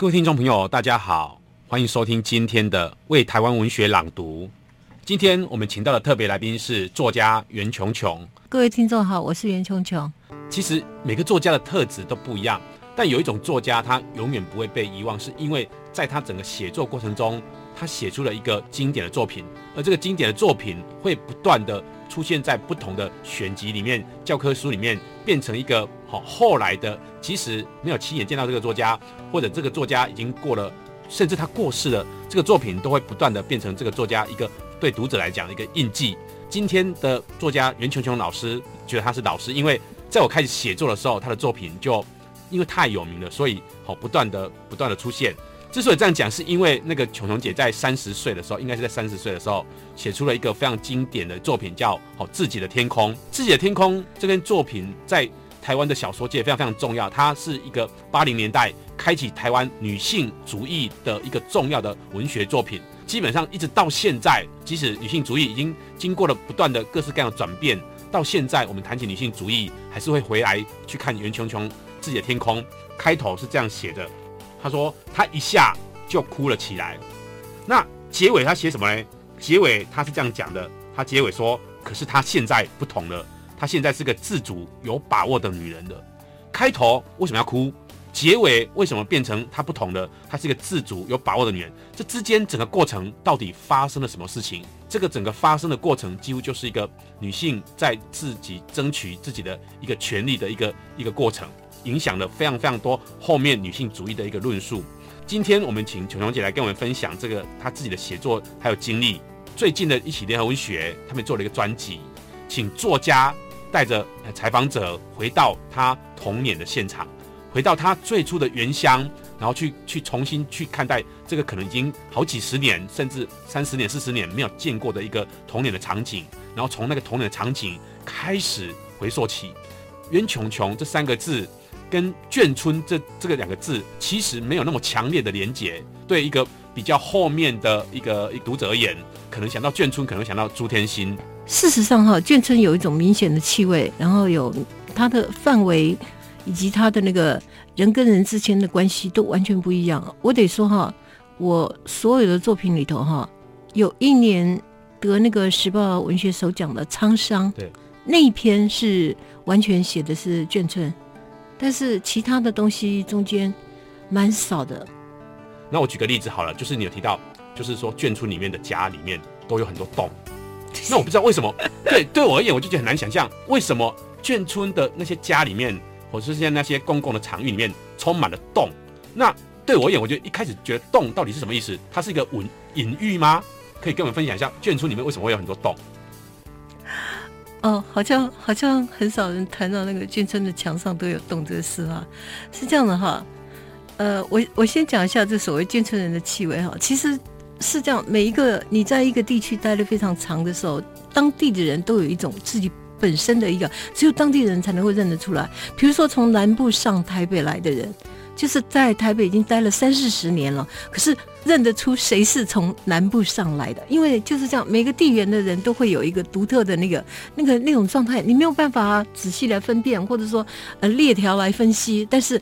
各位聽眾朋友，大家好，歡迎收聽今天的《為台灣文學朗讀》。今天我們請到的特別來賓是作家袁瓊瓊。各位聽眾好，我是袁瓊瓊。其實每個作家的特質都不一樣，但有一種作家，他永遠不會被遺忘，是因為在他整個寫作過程中，他寫出了一個經典的作品，而這個經典的作品會不斷的出現在不同的選集裡面、教科書裡面，變成一個。好，後來的其實沒有親眼見到這個作家，或者這個作家已經過了，甚至他過世了，這個作品都會不斷的變成這個作家一個對讀者來講的一個印記。今天的作家袁瓊瓊老師，覺得他是老師，因為在我開始寫作的時候，他的作品就因為太有名了，所以好不斷的不斷的出現。之所以這樣講，是因為那個瓊瓊姐在三十歲的時候，應該是在三十歲的時候寫出了一個非常經典的作品，叫好《自己的天空》。自己的天空這篇作品在。台灣的小說界非常非常重要，它是一個八零年代開啟台灣女性主義的一個重要的文學作品。基本上一直到現在，即使女性主義已經經過了不斷的各式各樣的轉變，到現在我們談起女性主義，還是會回來去看袁瓊瓊《自己的天空》。開頭是這樣寫的，她說她一下就哭了起來。那結尾她寫什麼呢？結尾她是這樣講的，她結尾說：“可是她現在不同了。”她現在是個自主有把握的女人了。開頭為什麼要哭？結尾為什麼變成她不同的？她是一個自主有把握的女人。這之間整個過程到底發生了什麼事情？這個整個發生的過程幾乎就是一個女性在自己爭取自己的一個權利的一個一個過程，影響了非常非常多後面女性主義的一個論述。今天我們請瓊瓊姐來跟我們分享這個她自己的寫作還有經歷。最近的一起聯合文學他們做了一個專輯，請作家。帶着採訪者回到他童年的現場，回到他最初的原鄉，然後去去重新去看待這個可能已經好幾十年，甚至三十年、四十年沒有見過的一個童年的場景，然後從那個童年的場景開始回溯起“袁瓊瓊”這三個字跟“眷村”這這個兩個字其實沒有那麼強烈的連結。對一個比較後面的一個讀者而言，可能想到眷村，可能想到朱天心。事實上，哈，眷村有一種明顯的氣味，然後有它的範圍以及它的那個人跟人之間的關係都完全不一樣。我得說，哈，我所有的作品裡頭，哈，有一年得那個時報文學首獎的《滄桑》，對，那一篇是完全寫的是眷村，但是其他的東西中間蠻少的。那我舉個例子好了，就是你有提到，就是說眷村裡面的家裡面都有很多洞。那我不知道為什麼， 對對我而言，我就覺得很難想象為什麼眷村的那些家裡面，或者是現在那些公共的場域裡面，充滿了洞。那對我而言，我就一開始覺得洞到底是什麼意思？它是一個隱隱喻嗎？可以跟我們分享一下眷村裡面為什麼會有很多洞？哦，好像好像很少人談到那個眷村的牆上都有洞這個事啊，是這樣的哈。呃，我我先講一下這所謂眷村人的氣味哈，其實。是這樣，每一個你在一個地區待得非常長的時候，當地的人都有一種自己本身的一個，只有當地人才能夠認得出來。比如說，從南部上台北來的人，就是在台北已經待了三四十年了，可是認得出誰是從南部上來的？因為就是這樣，每個地緣的人都會有一個獨特的那個、那個、那種狀態，你沒有辦法仔細來分辨，或者說呃列條來分析，但是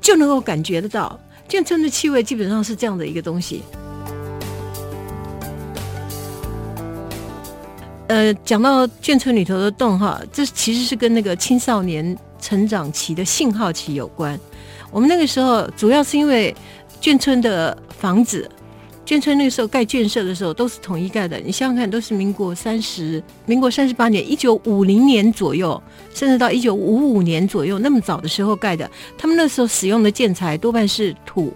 就能夠感覺得到，眷村的氣味基本上是這樣的一個東西。呃，講到眷村裡頭的洞哈，這其實是跟那個青少年成長期的信號期有關。我們那個時候主要是因為眷村的房子，眷村那個時候蓋建設的時候都是統一蓋的。你想想看，都是民國三十、民國三十八年、一九五零年左右，甚至到一九五五年左右那麼早的時候蓋的。他們那時候使用的建材多半是土，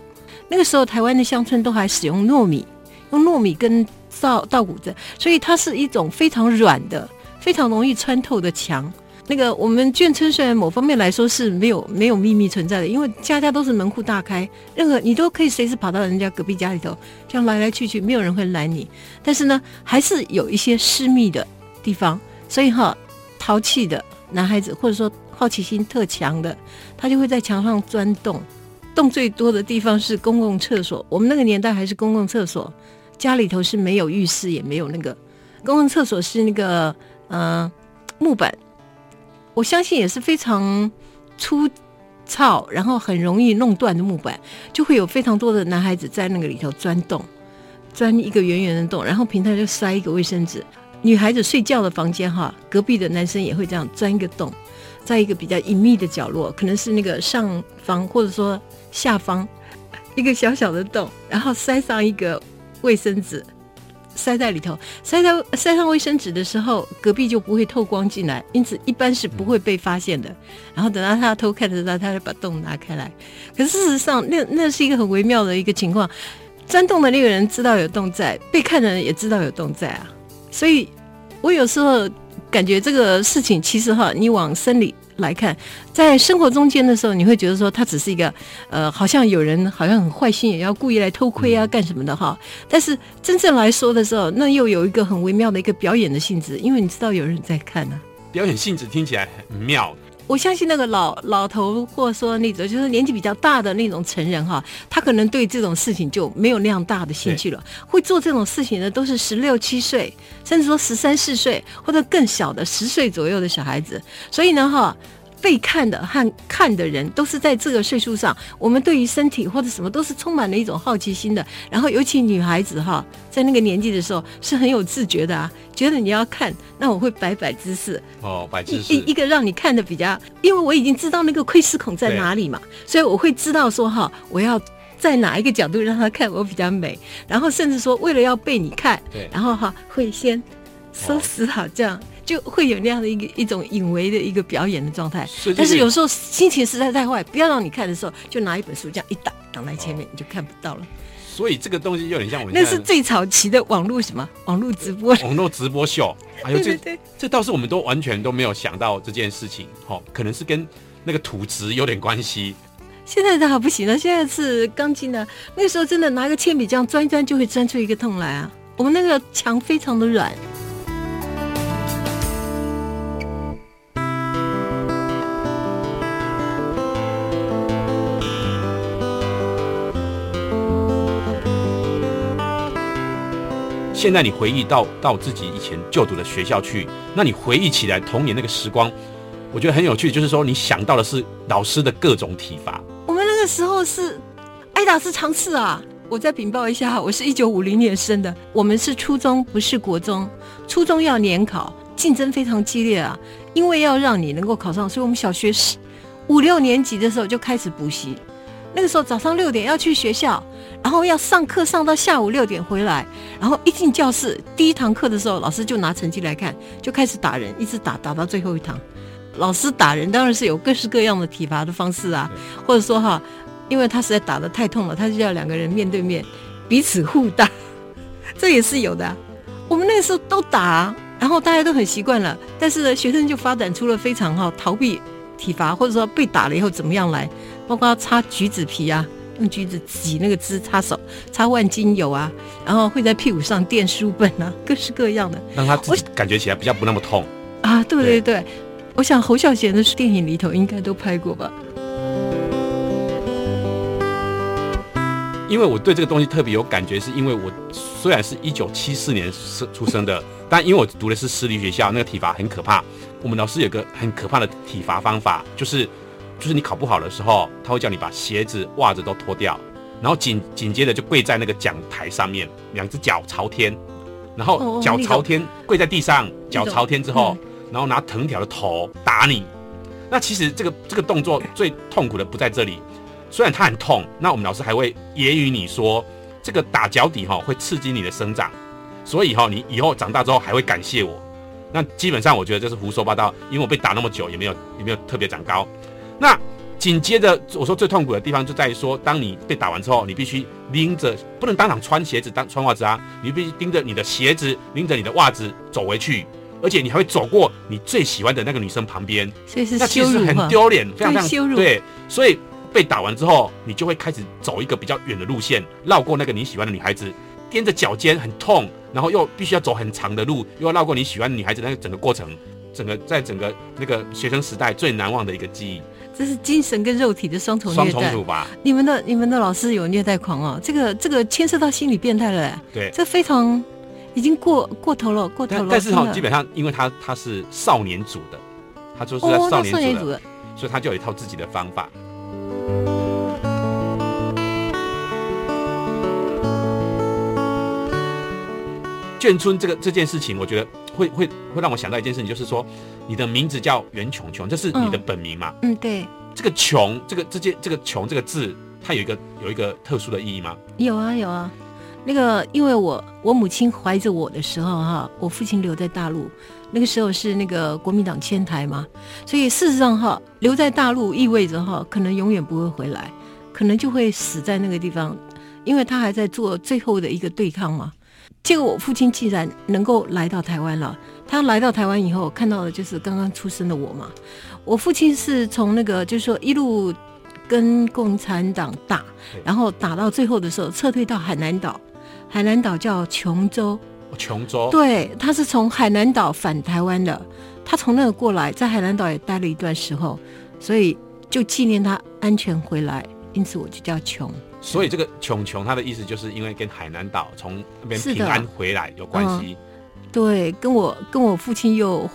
那個時候台灣的鄉村都還使用糯米，用糯米跟。稻稻穀子，所以它是一種非常軟的、非常容易穿透的牆。那個我們眷村雖然某方面來說是沒有沒有秘密存在的，因為家家都是門戶大開，任何你都可以隨時跑到人家隔壁家裡頭，這樣來來去去沒有人會攔你。但是呢，還是有一些私密的地方，所以哈，淘氣的男孩子或者說好奇心特強的，他就會在牆上鑽洞。洞最多的地方是公共廁所，我們那個年代還是公共廁所。家裡頭是沒有浴室，也沒有那個公共廁所，是那個呃木板，我相信也是非常粗糙，然後很容易弄斷的木板，就會有非常多的男孩子在那個裡頭鑽洞，鑽一個圓圓的洞，然後平常就塞一個衛生紙。女孩子睡覺的房間哈，隔壁的男生也會這樣鑽一個洞，在一個比較隱秘的角落，可能是那個上方或者說下方一個小小的洞，然後塞上一個。衛生紙塞在裡頭，塞在塞上衛生紙的時候，隔壁就不會透光進來，因此一般是不會被發現的。然後等到他偷看的時候，他就把洞拿開來。可是事實上，那那是一個很微妙的一個情況：鑽洞的那個人知道有洞在，被看的人也知道有洞在啊。所以我有時候感覺這個事情，其實哈，你往深裡來看，在生活中間的時候，你會覺得說他只是一個，呃，好像有人好像很壞心眼，要故意來偷窺啊，幹什麼的哈？嗯。但是真正來說的時候，那又有一個很微妙的一個表演的性質，因為你知道有人在看呢，啊。表演性質聽起來很妙。我相信那個老老頭，或者說那種就是年紀比較大的那種成人哈，他可能對這種事情就沒有那樣大的興趣了。對會做這種事情的都是十六七歲，甚至說十三四歲或者更小的十歲左右的小孩子。所以呢，哈。被看的和看的人都是在這個歲數上，我們對於身體或者什麼都是充滿了一種好奇心的。然後，尤其女孩子哈，在那個年紀的時候是很有自覺的啊，覺得你要看，那我會擺擺姿勢哦，擺姿勢。一一，一個讓你看的比較，因為我已經知道那個窺視孔在哪裡嘛，對所以我會知道說哈，我要在哪一個角度讓他看我比較美。然後，甚至說為了要被你看，對然後哈會先收拾好這樣。哦就會有那樣的一個一種隱微的一個表演的狀態，就是、但是有時候心情實在太壞，不要讓你看的時候，就拿一本書這樣一擋擋在前面，哦、你就看不到了。所以這個東西有點像我們那是最早期的網絡什麼？網絡直播？網絡直播秀？哎、 對對這對這倒是我們都完全都沒有想到這件事情，好、哦，可能是跟那個土質有點關係、啊啊。現在還不行了，現在是鋼筋的，那個時候真的拿一個鉛筆這樣鑽一鑽就會鑽出一個洞來啊！我們那個牆非常的軟。現在你回憶到到自己以前就讀的學校去，那你回憶起來童年那個時光，我覺得很有趣。就是說，你想到的是老師的各種體罰。我們那個時候是挨打，是常事啊。我再稟報一下，我是一九五零年生的，我們是初中，不是國中。初中要聯考，競爭非常激烈啊。因為要讓你能夠考上，所以我們小學是五六年級的時候就開始補習。那個時候早上六點要去學校。然後要上課上到下午六點回來，然後一進教室，第一堂課的時候，老師就拿成績來看，就開始打人，一直打，打到最後一堂。老師打人當然是有各式各樣的體罰的方式啊，或者說哈，因為他實在打得太痛了，他就要兩個人面對面彼此互打，這也是有的。我們那時候都打，然後大家都很習慣了，但是呢，學生就發展出了非常好逃避體罰，或者說被打了以後怎麼樣來，包括擦橘子皮啊。用橘子擠那個汁擦手，擦萬金油啊，然後會在屁股上墊書本啊，各式各樣的。讓他自己感覺起來比較不那麼痛我啊！對對對，對我想侯孝賢的電影裡頭應該都拍過吧，嗯。因為我對這個東西特別有感覺，是因為我雖然是一九七四年生出生的， 但因為我讀的是私立學校，那個體罰很可怕。我們老師有個很可怕的體罰方法，就是。就是你考不好的時候，他會叫你把鞋子、襪子都脫掉，然後緊緊接着就跪在那個講台上面，兩只腳朝天，然後腳朝天哦哦跪在地上，腳朝天之後，嗯、然後拿藤條的頭打你。那其實這個這個動作最痛苦的不在這裡，雖然它很痛，那我們老師還會揶揄你說，這個打腳底哈會刺激你的生長，所以哈你以後長大之後還會感謝我。那基本上我覺得這是胡說八道，因為我被打那麼久也沒有也沒有特別長高。那緊接着我說最痛苦的地方就在於說，當你被打完之後，你必須拎着不能當場穿鞋子、當穿襪子啊，你必須拎着你的鞋子、拎着你的襪子走回去，而且你還會走過你最喜歡的那個女生旁邊，所以是羞辱啊、那其實是很丟臉，非常，非常羞辱，對。所以被打完之後，你就會開始走一個比較遠的路線，繞過那個你喜歡的女孩子，踮着腳尖很痛，然後又必須要走很長的路，又要繞過你喜歡的女孩子的那個整個過程，整個在整個那個學生時代最難忘的一個記憶。這是精神跟肉體的雙重虐待。組吧，你們的你們的老師有虐待狂哦，這個這個牽涉到心理變態了。對，這非常已經過過頭了，過頭了。但，但是好的基本上因為他他是少年組的，他說是他少年組的，哦、組的，所以他就有一套自己的方法。嗯、眷村這個這件事情，我覺得會會會，會讓我想到一件事情，就是說。你的名字叫袁瓊瓊，這是你的本名嗎？嗯，對。這個瓊，這個這件，這個瓊這個字，它有一個有一個特殊的意義嗎？有啊，有啊。那個，因為我我母親懷着我的時候，哈，我父親留在大陸，那個時候是那個國民黨遷台嘛，所以事實上哈，留在大陸意味着哈，可能永遠不會回來，可能就會死在那個地方，因為他還在做最後的一個對抗嘛。結果我父親既然能夠來到台灣了。他來到台灣以後，看到的就是剛剛出生的我嘛。我父親是從那個，就是說一路跟共產黨打，然後打到最後的時候，撤退到海南島。海南島叫瓊州。瓊州。對，他是從海南島返台灣的。他從那個過來，在海南島也待了一段時候，所以就紀念他安全回來，因此我就叫瓊。所以這個“瓊瓊”，他的意思就是因為跟海南島從那邊平安回來有關係。對，跟我跟我父親又，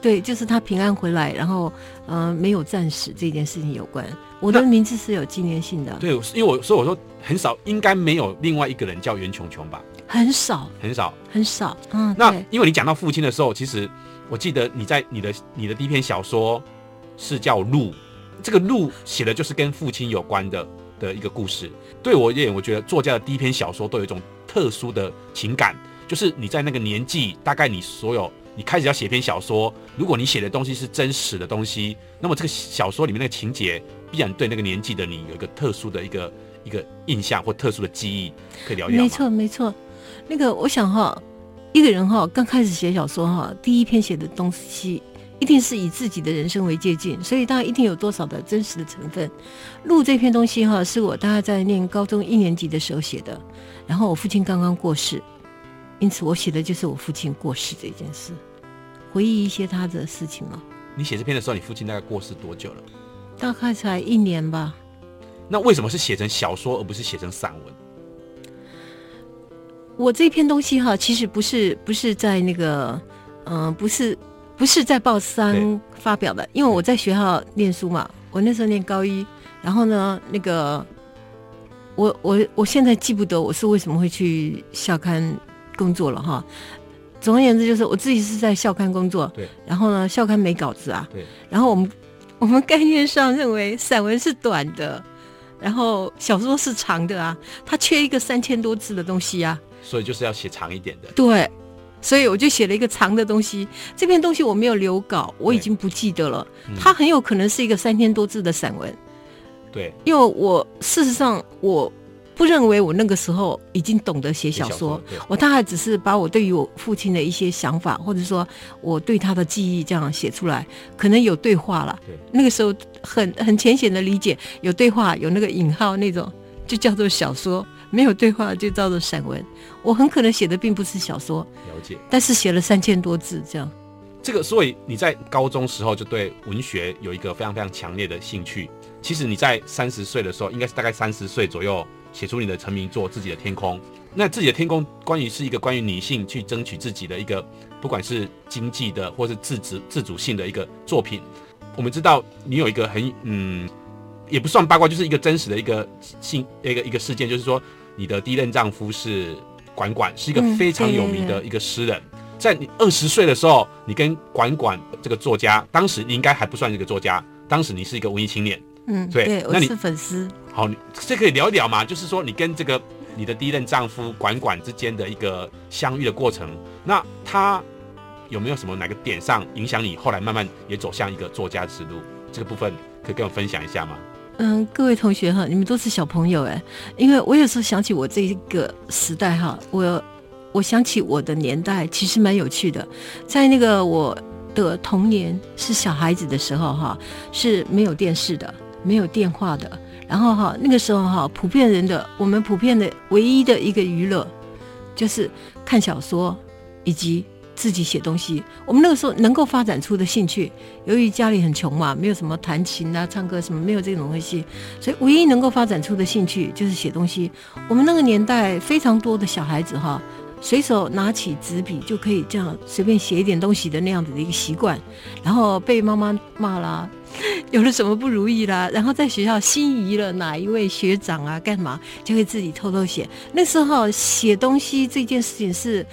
對，就是他平安回來，然後嗯、呃，沒有戰死這件事情有關。我的名字是有紀念性的，對，因為我所以，我說很少，應該沒有另外一個人叫袁瓊瓊吧？很少，很少，很少。嗯，那對因為你講到父親的時候，其實我記得你在你的你的第一篇小說是叫《鹿》，這個《鹿》寫的就是跟父親有關的的一個故事。對，我也我覺得作家的第一篇小說都有一種特殊的情感。就是你在那個年紀，大概你所有你開始要寫篇小說，如果你寫的東西是真實的東西，那麼這個小說裡面那個情節必然對那個年紀的你有一個特殊的一個一個印象，或特殊的記憶，可以聊一聊嗎？沒錯沒錯，那個我想哈，一個人哈剛開始寫小說哈，第一篇寫的東西一定是以自己的人生為借鑑，所以大家一定有多少的真實的成分。錄這篇東西哈，是我大概在念高中一年級的時候寫的，然後我父親剛剛過世。因此，我寫的就是我父親過世這件事，回憶一些他的事情啊。你寫這篇的時候，你父親大概過世多久了？大概才一年吧。那為什麼是寫成小說而不是寫成散文？我這篇東西哈，其實不是不是在那個嗯、呃，不是不是在報上發表的，對因為我在學校念書嘛，我那時候念高一，然後呢，那個我我我現在記不得我是為什麼會去校刊。工作了哈，總而言之就是我自己是在校刊工作，對，然後呢，校刊沒稿子啊，對，然後我們我們概念上認為散文是短的，然後小說是長的啊，它缺一個三千多字的東西啊，所以就是要寫長一點的，對，所以我就寫了一個長的東西。這篇東西我沒有留稿，我已經不記得了，嗯，它很有可能是一個三千多字的散文，對，因為我事實上我，不認為我那個時候已經懂得寫小說，小說我大概只是把我對於我父親的一些想法，或者說我對他的記憶這樣寫出來，可能有對話了。對那個時候很很淺顯的理解，有對話，有那個引號那種，就叫做小說；沒有對話，就叫做散文。我很可能寫的並不是小說，了解。但是寫了三千多字這樣。這個，所以你在高中時候就對文學有一個非常非常強烈的興趣。其實你在三十歲的時候，應該是大概三十歲左右，寫出你的成名作《自己的天空》，那《自己的天空》關於是一個關於女性去爭取自己的一個，不管是經濟的或是自自自主性的一個作品。我們知道你有一個很嗯，也不算八卦，就是一個真實的一個性一個一個事件，就是說你的第一任丈夫是管管，是一個非常有名的一個詩人。嗯，在你二十歲的時候，你跟管管這個作家，當時你應該還不算這個作家，當時你是一個文藝青年。嗯，對，對，那你我是粉絲。好你，這可以聊一聊嘛？就是說，你跟這個你的第一任丈夫管管之間的一個相遇的過程，那他有沒有什麼哪個點上影響你後來慢慢也走向一個作家之路？這個部分可以跟我分享一下嗎？嗯，各位同學哈，你們都是小朋友哎，因為我有時候想起我這一個時代哈，我我想起我的年代其實蠻有趣的，在那個我的童年是小孩子的時候哈，是沒有電視的，沒有電話的，然後哈，那個時候哈，普遍人的我們普遍的唯一的一個娛樂，就是看小說以及自己寫東西。我們那個時候能夠發展出的興趣，由於家裡很窮嘛，沒有什麼彈琴啊、唱歌什麼，沒有這種東西，所以唯一能夠發展出的興趣就是寫東西。我們那個年代非常多的小孩子哈，隨手拿起紙筆就可以這樣隨便寫一點東西的那樣子的一個習慣，然後被媽媽罵啦啊。 有了什麼不如意啦，然後在學校心儀了哪一位學長啊，幹嘛就會自己偷偷寫。那時候寫東西這件事情是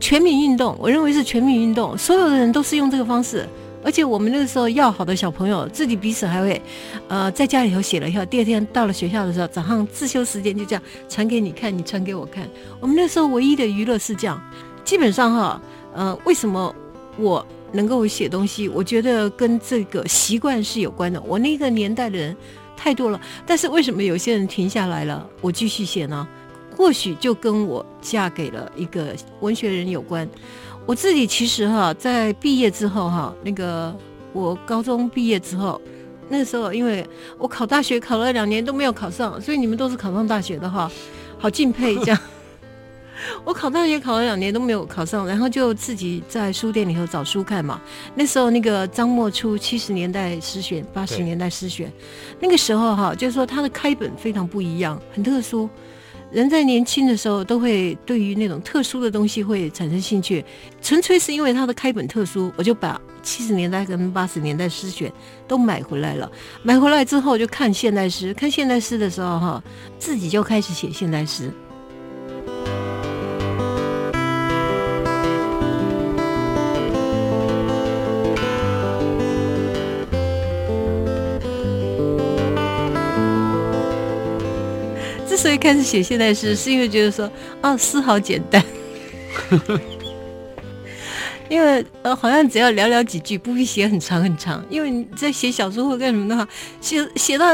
全民運動，我認為是全民運動，所有的人都是用這個方式。而且我們那個時候要好的小朋友自己彼此還會，呃，在家裡頭寫了以後，第二天到了學校的時候，早上自修時間就這樣傳給你看，你傳給我看。我們那時候唯一的娛樂是這樣，基本上哈，呃，為什麼我？能夠寫東西，我覺得跟這個習慣是有關的。我那個年代的人太多了，但是為什麼有些人停下來了，我繼續寫呢？或許就跟我嫁給了一個文學人有關。我自己其實哈，在畢業之後哈，那個我高中畢業之後，那時候因為我考大學考了兩年都沒有考上，所以你們都是考上大學的哈，好敬佩這樣。 我考大學考了兩年都沒有考上，然後就自己在書店裡頭找書看嘛。那時候那個張默初七十年代詩選、八十年代詩選，對那個時候哈、啊，就是說他的開本非常不一樣，很特殊。人在年輕的時候都會對於那種特殊的東西會產生興趣，純粹是因為他的開本特殊，我就把七十年代跟八十年代詩選都買回來了。買回來之後就看現代詩，看現代詩的時候哈、啊，自己就開始寫現代詩。開始寫現代詩，是因為覺得說，啊，詩好簡單， 因為呃，好像只要寥寥幾句，不必寫很長很長。因為你在寫小說或幹什麼的話，寫寫到。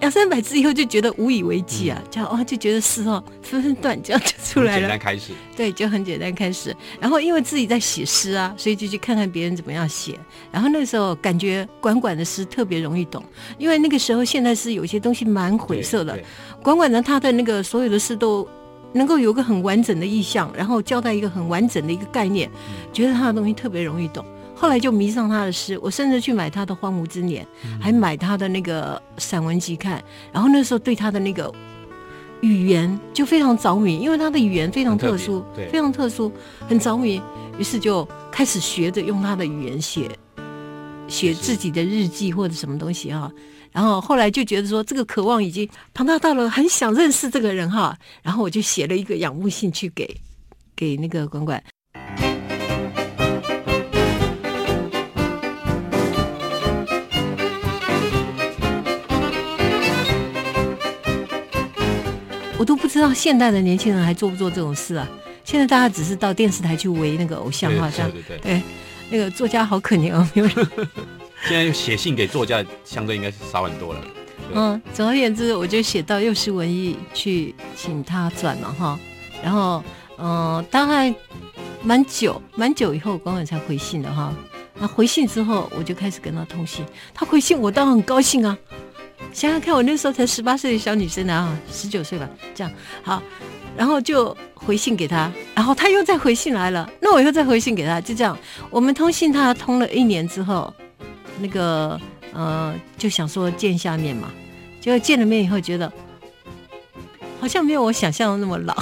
兩三百字以後就覺得無以為繼啊，這樣哦，就覺得是哦，分分段這樣就出來了。很簡單開始，對，就很簡單開始。然後因為自己在寫詩啊，所以就去看看別人怎麼樣寫。然後那個時候感覺管管的詩特別容易懂，因為那個時候現在是有些東西蠻晦澀的。管管呢，他的那個所有的詩都能夠有個很完整的意象，然後交代一個很完整的一個概念，嗯、覺得他的東西特別容易懂。後來就迷上他的詩，我甚至去買他的《荒蕪之年》，還買他的那個散文集看。然後那時候對他的那個語言就非常着迷，因為他的語言非常特殊，特非常特殊，很着迷。於是就開始學着用他的語言寫寫自己的日記或者什麼東西哈。是然後後來就覺得說，這個渴望已經龐大到了很想認識這個人哈。然後我就寫了一個仰慕信去給給那個管管。我都不知道現代的年輕人還做不做這種事啊？現在大家只是到電視台去圍那個偶像，好像對，對，對，對，對，那個作家好可憐哦。啊！ 現在寫信給作家，相對應該是少很多了。嗯，總而言之，我就寫到《幼獅文藝》去請他轉了哈。然後，嗯、呃，大概蠻久，蠻久以後，光遠才回信的哈。那回信之後，我就開始跟他通信。他回信，我當然很高興啊。想想看，我那時候才十八歲的小女生呢啊，十九歲吧，這樣好，然後就回信給他，然後他又再回信來了，那我又再回信給他，就這樣，我們通信他通了一年之後，那個呃就想說見下面嘛，就見了面以後覺得，好像沒有我想象的那麼老，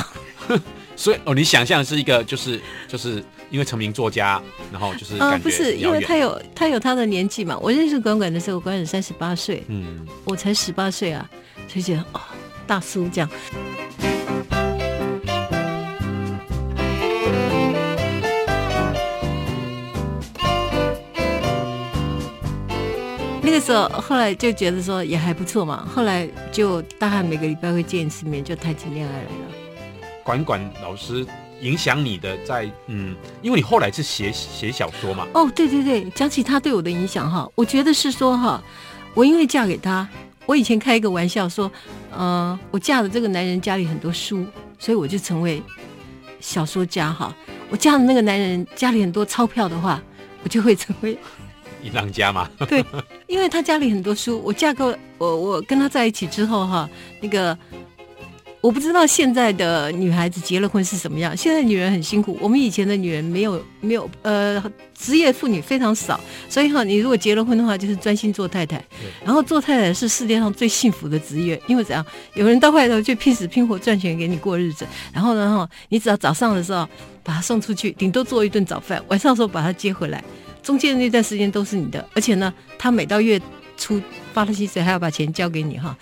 所以哦，你想象的是一個就是就是。因為成名作家，然後就是啊、呃，不是因為他有他有他的年紀嘛。我認識管管的時候，管管三十八歲，嗯，我才十八歲啊，就覺得哦，大叔這樣。那個時候後來就覺得說也還不錯嘛，後來就大概每個禮拜會見一次面，就談起戀愛來了。管管老師。影響你的在嗯，因為你後來是寫寫小說嘛？哦，oh, 對對對，講起他對我的影響哈，我覺得是說哈，我因為嫁給他，我以前開一個玩笑說，呃，我嫁的這個男人家裡很多書，所以我就成為小說家哈。我嫁的那個男人家裡很多鈔票的話，我就會成為銀行家嘛？ 對，因為他家裡很多書，我嫁過，我我跟他在一起之後哈，那個。我不知道現在的女孩子結了婚是什麼樣。現在女人很辛苦，我們以前的女人沒有沒有呃職業婦女非常少，所以哈，你如果結了婚的話，就是專心做太太。然後做太太是世界上最幸福的職業，因為怎樣，有人到外頭去拼死拼活賺錢給你過日子。然後呢哈，你只要早上的時候把她送出去，頂多做一頓早飯；晚上的時候把她接回來，中間的那段時間都是你的。而且呢，她每到月初發了薪水，還要把錢交給你哈。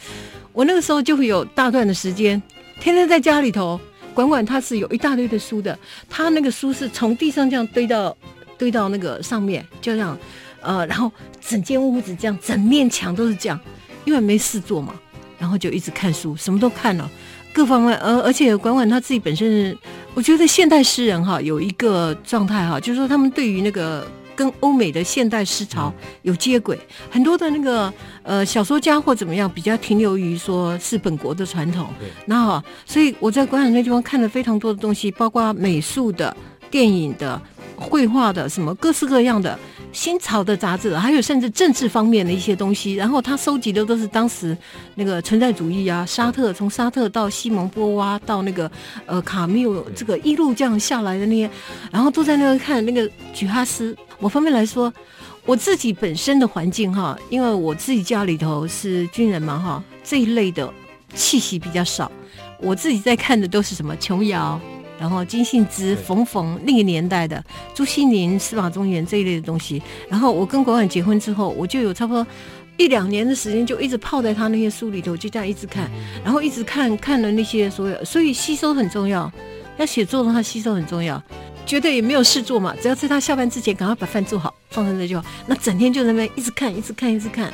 我那個時候就會有大段的時間，天天在家裡頭，管管他是有一大堆的書的，他那個書是從地上這樣堆到，堆到那個上面，就這樣，呃，然後整間屋子這樣，整面牆都是這樣，因為沒事做嘛，然後就一直看書，什麼都看了，各方面，而、呃、而且管管他自己本身，我覺得現代詩人哈有一個狀態哈，就是說他們對於那個。跟歐美的現代思潮有接軌，嗯、很多的那個呃小說家或怎麼樣，比較停留於說是本國的傳統。那對然後所以我在館長那地方看了非常多的東西，包括美術的、電影的。繪畫的什麼各式各樣的新潮的雜誌，還有甚至政治方面的一些東西，然後他收集的都是當時那個存在主義啊，沙特從沙特到西蒙波娃到那個呃卡繆，這個一路這樣下來的那些，然後都在那邊看那個莒哈絲。我方面來說，我自己本身的環境哈，因為我自己家裡頭是軍人嘛哈，這一類的氣息比較少，我自己在看的都是什麼瓊瑤。然後金信之、馮馮那個年代的對朱西寧、司馬中原這一類的東西。然後我跟管管結婚之後，我就有差不多一兩年的時間，就一直泡在他那些書裡頭，就這樣一直看，然後一直看，看了那些所有，所以吸收很重要。要寫作的話，吸收很重要。覺得也沒有事做嘛，只要在他下班之前，趕快把飯做好，放在那就好。那整天就在那邊一直看，一直看，一直看。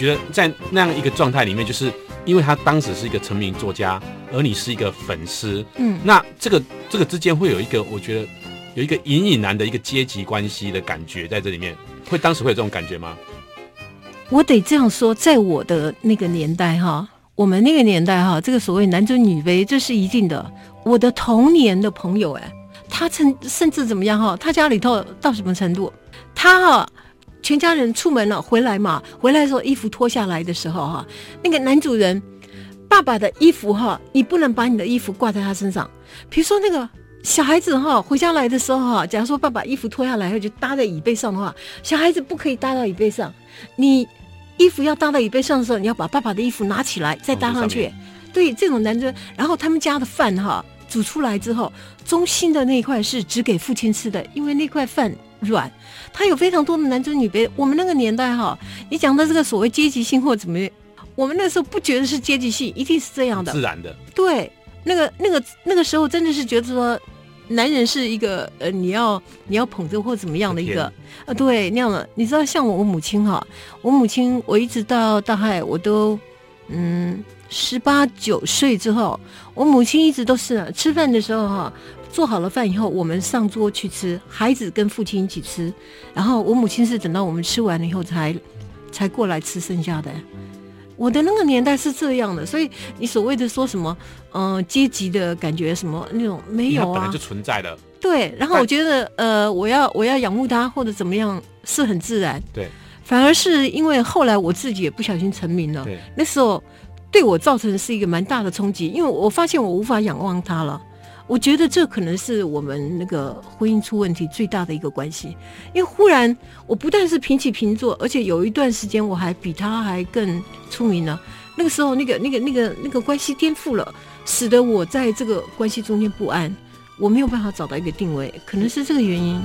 我覺得在那樣一個狀態裡面，就是因為他當時是一個成名作家，而你是一個粉絲，嗯，那這個這個之間會有一個，我覺得有一個隱隱然的一個階級關係的感覺在這裡面，會當時會有這種感覺嗎？我得這樣說，在我的那個年代哈，我們那個年代哈，這個所謂男尊女卑這是一定的。我的童年的朋友哎、欸，他曾甚至怎麼樣哈？他家裡頭到什麼程度？他哈。全家人出門了，回來嘛，回來的時候衣服脫下來的時候哈，那個男主人，爸爸的衣服哈，你不能把你的衣服掛在他身上。比如說那個小孩子哈，回家來的時候哈，假如說爸爸衣服脫下來後就搭在椅背上的話，小孩子不可以搭到椅背上。你衣服要搭到椅背上的時候，你要把爸爸的衣服拿起來再搭上去。上對，這種男生，然後他們家的飯哈，煮出來之後，中心的那一塊是只給父親吃的，因為那塊飯軟。他有非常多的男尊女卑，我們那個年代哈，你講到這個所謂階級性或怎麼樣，我們那時候不覺得是階級性，一定是這樣的，自然的。對，那個那個那個時候真的是覺得說，男人是一個呃，你要你要捧着或怎麼樣的一個啊天、呃，對，那樣的。你知道像我我母親哈，我母親我一直到大概我都嗯十八九歲之後，我母親一直都是吃飯的時候哈。做好了飯以後，我們上桌去吃，孩子跟父親一起吃，然後我母親是等到我們吃完了以後才才過來吃剩下的。嗯、我的那個年代是這樣的，所以你所謂的說什麼，嗯、呃，階級的感覺什麼那種沒有、啊嗯、本來就存在的。對，然後我覺得但呃，我要我要仰慕他或者怎麼樣是很自然，對，反而是因為後來我自己也不小心成名了，對那時候對我造成是一個蠻大的衝擊，因為我發現我無法仰望他了。我覺得這可能是我們那個婚姻出問題最大的一個關係，因為忽然我不但是平起平坐，而且有一段時間我還比他還更出名呢。那個時候，那個、那個、那個、那個關係顛覆了，使得我在這個關係中間不安，我沒有辦法找到一個定位，可能是這個原因。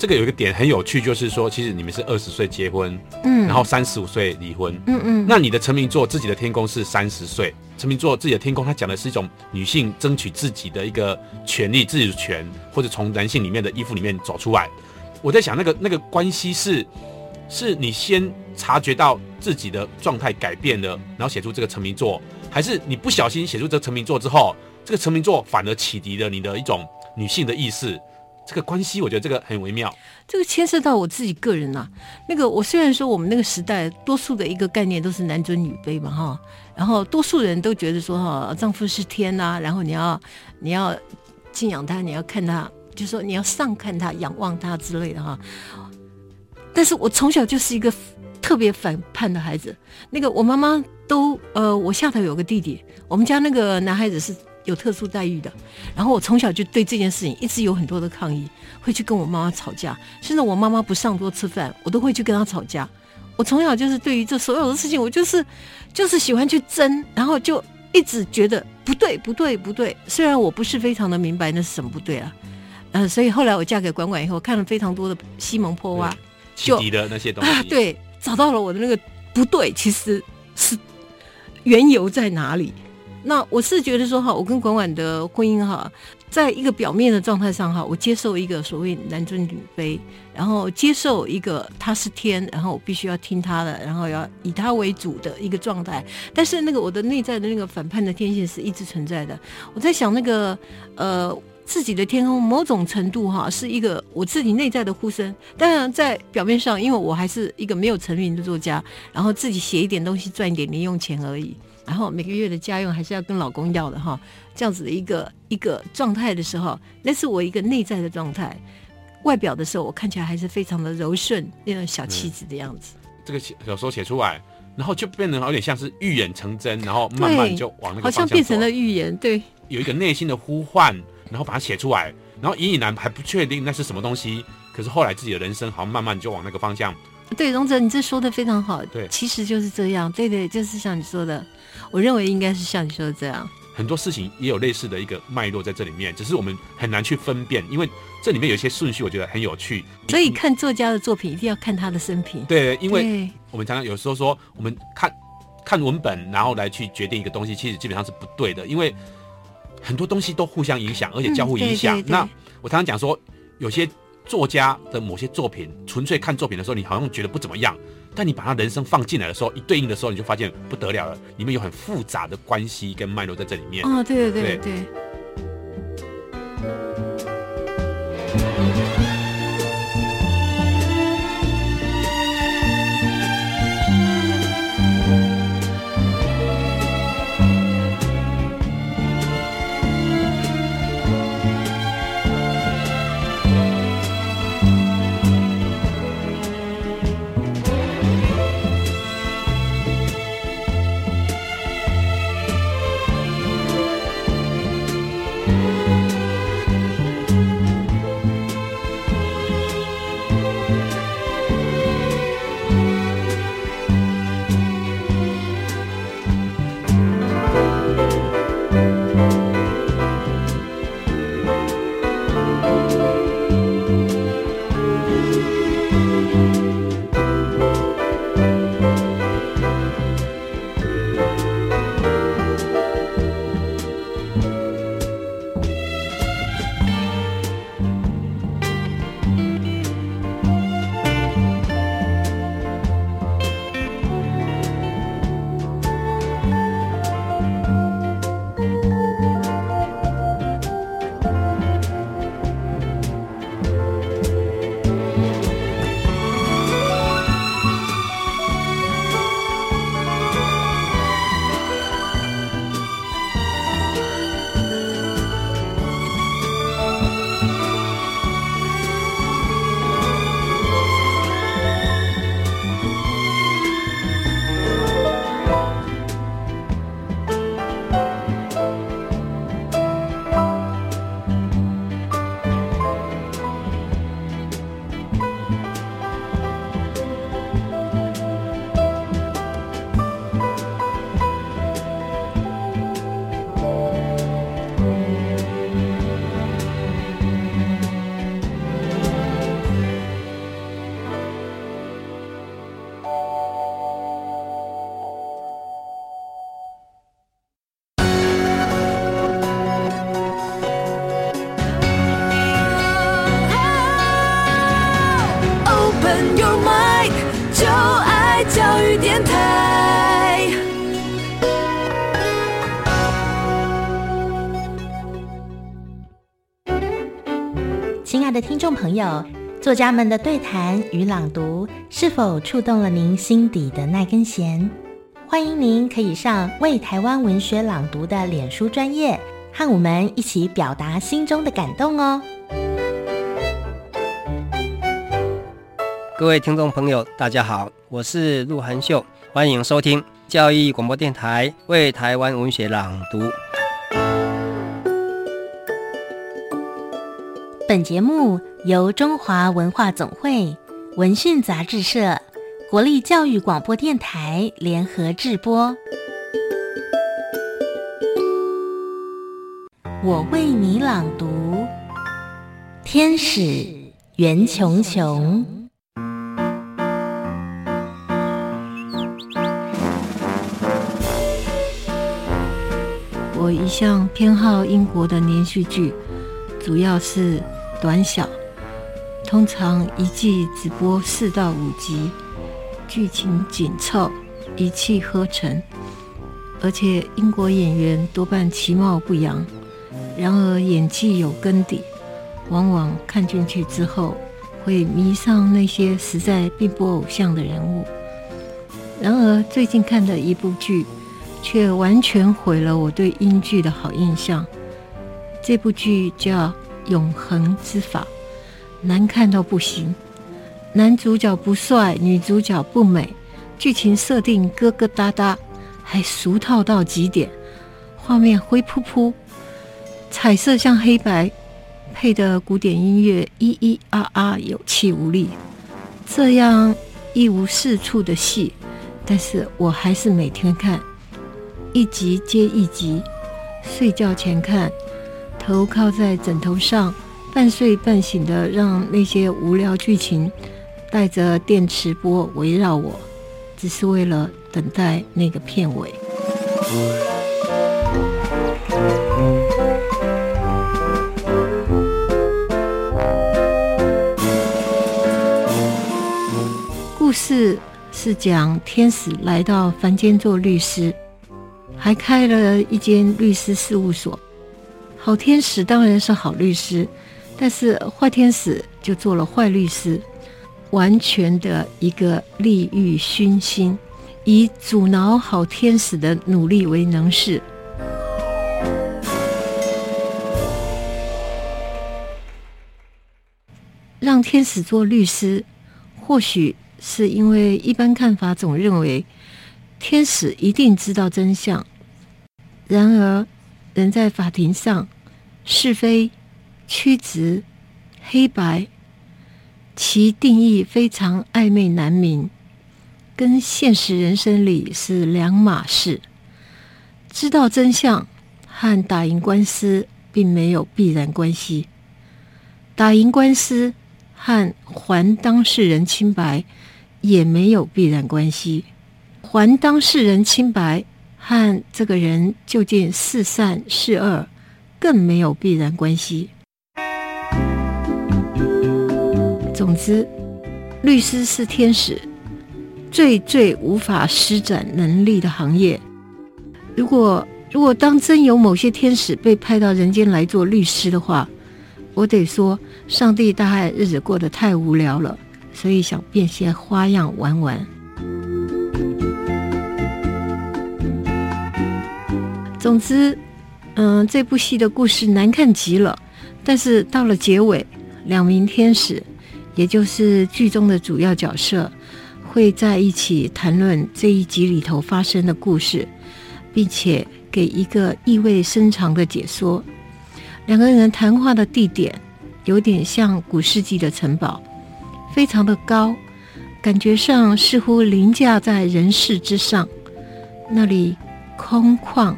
這個有一個點很有趣，就是說，其實你們是二十歲結婚，嗯，然後三十五歲離婚，嗯嗯。嗯嗯，那你的成名作《自己的天空》是三十歲，成名作《自己的天空》它講的是一種女性爭取自己的一個權利、自主權，或者從男性裡面的依附裡面走出來。我在想，那個那個關係是，是你先察覺到自己的狀態改變了，然後寫出這個成名作，還是你不小心寫出這個成名作之後，這個成名作反而啟迪了你的一種女性的意識？這個關係，我覺得這個很微妙。這個牽涉到我自己個人吶。那個，我雖然說我們那個時代，多數的一個概念都是男尊女卑嘛，哈。然後多數人都覺得說，哈，丈夫是天吶，然後你要你要敬仰他，你要看他，就是說你要上看他，仰望他之類的，哈。但是我從小就是一個特別反叛的孩子。那個，我媽媽都，呃，我下頭有個弟弟，我們家那個男孩子是有特殊待遇的，然後我從小就對這件事情一直有很多的抗議，會去跟我媽媽吵架，甚至我媽媽不上桌吃飯，我都會去跟她吵架。我從小就是對於這所有的事情，我就是就是喜歡去爭，然後就一直覺得不對，不對，不對。雖然我不是非常的明白那是什麼不對了、啊，嗯、呃，所以後來我嫁給管管以後，看了非常多的西蒙波娃，對就底的那些東西啊，對，找到了我的那個不對其實是緣由在哪裡。那我是覺得說哈，我跟管管的婚姻哈，在一個表面的狀態上哈，我接受一個所謂男尊女卑，然後接受一個他是天，然後我必須要聽他的，然後要以他為主的一個狀態。但是那個我的內在的那個反叛的天性是一直存在的。我在想那個呃自己的天空，某種程度哈是一個我自己內在的呼聲。當然在表面上，因為我還是一個沒有成名的作家，然後自己寫一點東西賺一點零用錢而已。然後每個月的家用還是要跟老公要的哈，這樣子的一個一個狀態的時候，那是我一個內在的狀態。外表的時候，我看起來還是非常的柔順，那種小妻子的樣子。嗯，這個小說寫出來，然後就變得有點像是預言成真，然後慢慢就往那個方向，好像變成了預言，對。有一個內心的呼喚，然後把它寫出來，然後隱隱然還不確定那是什麼東西，可是後來自己的人生好像慢慢就往那個方向。對，榮哲，你這說的非常好。對，其實就是這樣。對對，就是像你說的。我認為應該是像你說的這樣，很多事情也有類似的一個脈絡在這裡面，只是我們很難去分辨，因為這裡面有一些順序，我覺得很有趣。所以看作家的作品，一定要看他的生平，嗯，對，因為我們常常有時候說，我們看對看文本，然後來去決定一個東西，其實基本上是不對的，因為很多東西都互相影響，而且交互影響。嗯、對對對，那我常常講說，有些作家的某些作品，純粹看作品的時候，你好像覺得不怎麼樣。但你把他人生放進來的時候，一對應的時候，你就發現不得了了，裡面有很複雜的關係跟脈絡在這裡面。啊、哦，對對對對。對聽眾朋友，作家們的對談與朗讀是否觸動了您心底的那根弦？歡迎您可以上“為台灣文學朗讀”的臉書專頁，和我們一起表達心中的感動哦。各位聽眾朋友，大家好，我是路寒袖，歡迎收聽教育廣播電台《為台灣文學朗讀》。本節目由中華文化總會、文訊雜誌社、國立教育廣播電臺聯合製播。我為你朗讀，天使袁瓊瓊。窮窮我一向偏好英國的連續劇，主要是。短小，通常一季只播四到五集，劇情緊湊，一氣呵成。而且英國演員多半其貌不揚，然而演技有根底，往往看進去之後會迷上那些實在並不偶像的人物。然而最近看的一部劇，卻完全毀了我對英劇的好印象。這部劇叫。永恆之法難看到不行，男主角不帥，女主角不美，劇情設定疙疙瘩瘩，還俗套到極點，畫面灰撲撲，彩色像黑白，配的古典音樂咿咿啊啊有氣無力，這樣一無是處的戲，但是我還是每天看一集接一集，睡覺前看。頭靠在枕頭上，半睡半醒的，讓那些無聊劇情帶着電磁波圍繞我，只是為了等待那個片尾。故事是講天使來到凡間做律師，還開了一間律師事務所。好天使當然是好律師，但是壞天使就做了壞律師，完全的一個利欲熏心，以阻撓好天使的努力為能事。讓天使做律師，或許是因為一般看法總認為天使一定知道真相，然而。人在法庭上，是非、曲直、黑白，其定義非常曖昧難明，跟現實人生裡是兩碼事。知道真相和打贏官司並沒有必然關係，打贏官司和還當事人清白也沒有必然關係，還當事人清白。和這個人究竟是善是惡，更沒有必然關係。總之，律師是天使，最最無法施展能力的行業。如果如果當真有某些天使被派到人間來做律師的話，我得說，上帝大概日子過得太無聊了，所以想變些花樣玩玩。總之，嗯，這部戲的故事難看極了。但是到了結尾，兩名天使，也就是劇中的主要角色，會在一起談論這一集裡頭發生的故事，並且給一個意味深長的解說。兩個人談話的地點有點像古世紀的城堡，非常的高，感覺上似乎凌駕在人世之上。那裡空曠。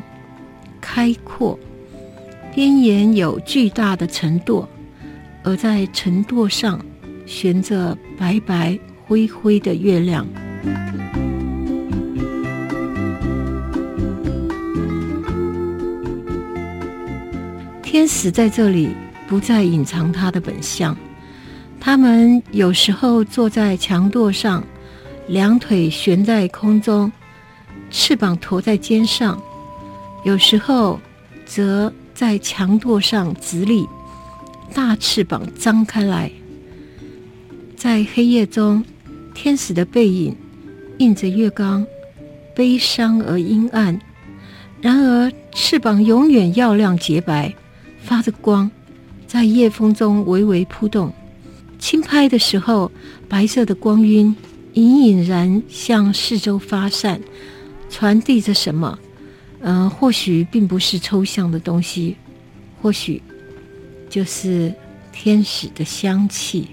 開闊，邊沿有巨大的城垛，而在城垛上懸着白白灰灰的月亮。天使在這裡不再隱藏他的本相，他們有時候坐在牆垛上，兩腿懸在空中，翅膀馱在肩上。有時候，則在牆垛上直立，大翅膀張開來，在黑夜中，天使的背影映着月光，悲傷而陰暗。然而，翅膀永遠耀亮潔白，發着光，在夜風中微微撲動。輕拍的時候，白色的光暈隱隱然向四周發散，傳遞着什麼。嗯、呃，或許並不是抽象的東西，或許就是天使的香氣。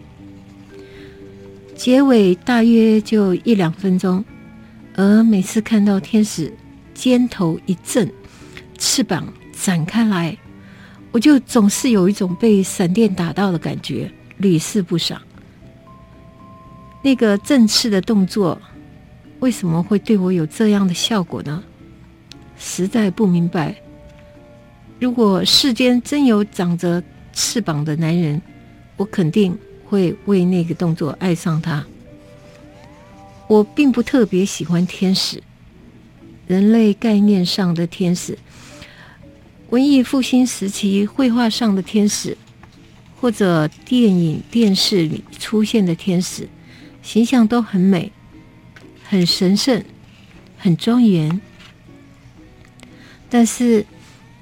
結尾大約就一兩分鐘，而每次看到天使肩頭一震，翅膀展開來，我就總是有一種被閃電打到的感覺，屢試不爽。那個振翅的動作，為什麼會對我有這樣的效果呢？實在不明白，如果世間真有長着翅膀的男人，我肯定會為那個動作愛上他。我並不特別喜歡天使，人類概念上的天使，文藝復興時期繪畫上的天使，或者電影電視裡出現的天使，形象都很美，很神聖，很莊嚴。但是，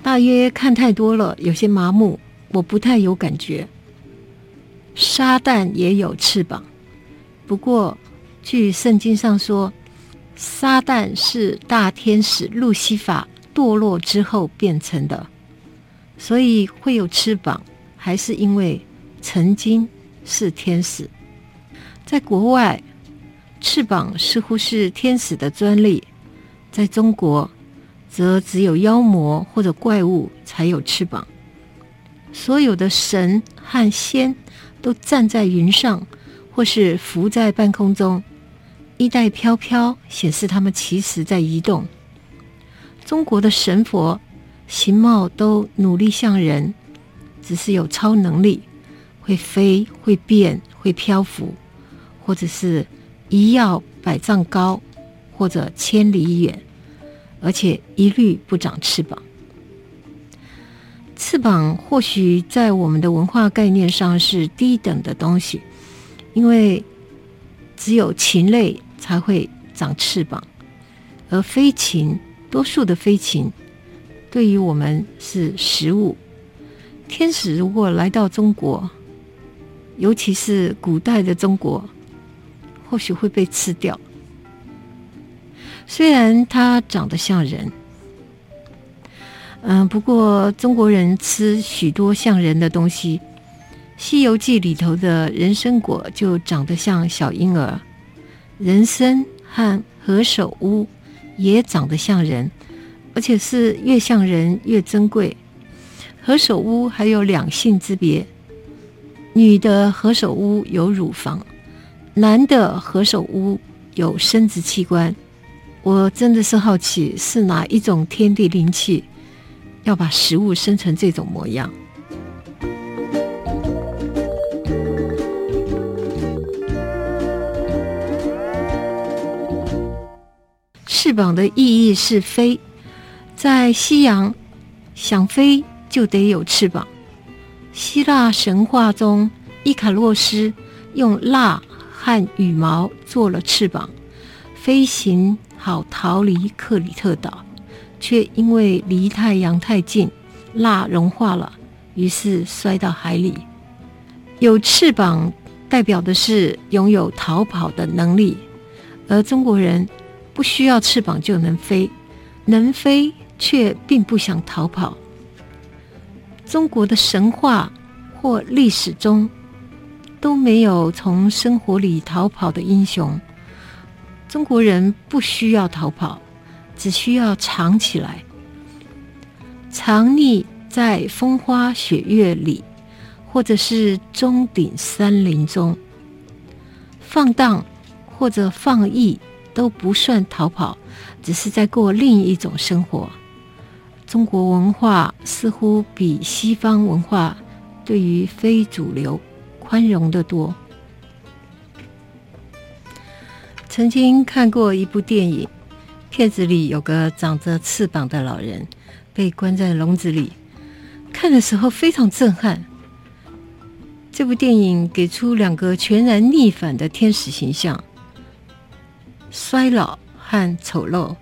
大約看太多了，有些麻木，我不太有感覺。撒旦也有翅膀，不過，據聖經上說，撒旦是大天使路西法墮落之後變成的，所以會有翅膀，還是因為曾經是天使。在國外，翅膀似乎是天使的專利，在中國，則只有妖魔或者怪物才有翅膀，所有的神和仙都站在雲上，或是浮在半空中，衣帶飄飄，顯示他們其實在移動。中國的神佛形貌都努力像人，只是有超能力，會飛、會變、會漂浮，或者是一躍百丈高，或者千里遠。而且一律不長翅膀。翅膀或許在我們的文化概念上是低等的東西，因為只有禽類才會長翅膀，而飛禽多數的飛禽對於我們是食物。天使如果來到中國，尤其是古代的中國，或許會被吃掉。雖然它長得像人，嗯，不過中國人吃許多像人的東西，《西遊記》裡頭的人參果就長得像小嬰兒，人參和何首烏也長得像人，而且是越像人越珍貴。何首烏還有兩性之別，女的何首烏有乳房，男的何首烏有生殖器官。我真的是好奇，是哪一種天地靈氣要把食物生成這種模樣？翅膀的意義是飛，在西洋想飛就得有翅膀。希臘神話中，伊卡洛斯用蠟和羽毛做了翅膀，飛行。好逃離克里特島，卻因為離太陽太近，蠟融化了，於是摔到海裡。有翅膀代表的是擁有逃跑的能力，而中國人不需要翅膀就能飛，能飛卻並不想逃跑。中國的神話或歷史中都沒有從生活裡逃跑的英雄。中國人不需要逃跑，只需要藏起來，藏匿在風花雪月裡，或者是鐘鼎山林中，放蕩或者放逸都不算逃跑，只是在過另一種生活。中國文化似乎比西方文化對於非主流寬容得多。曾經看過一部電影，片子裡有個長着翅膀的老人被關在籠子裡，看的時候非常震撼。這部電影給出兩個全然逆反的天使形象，衰老和醜陋。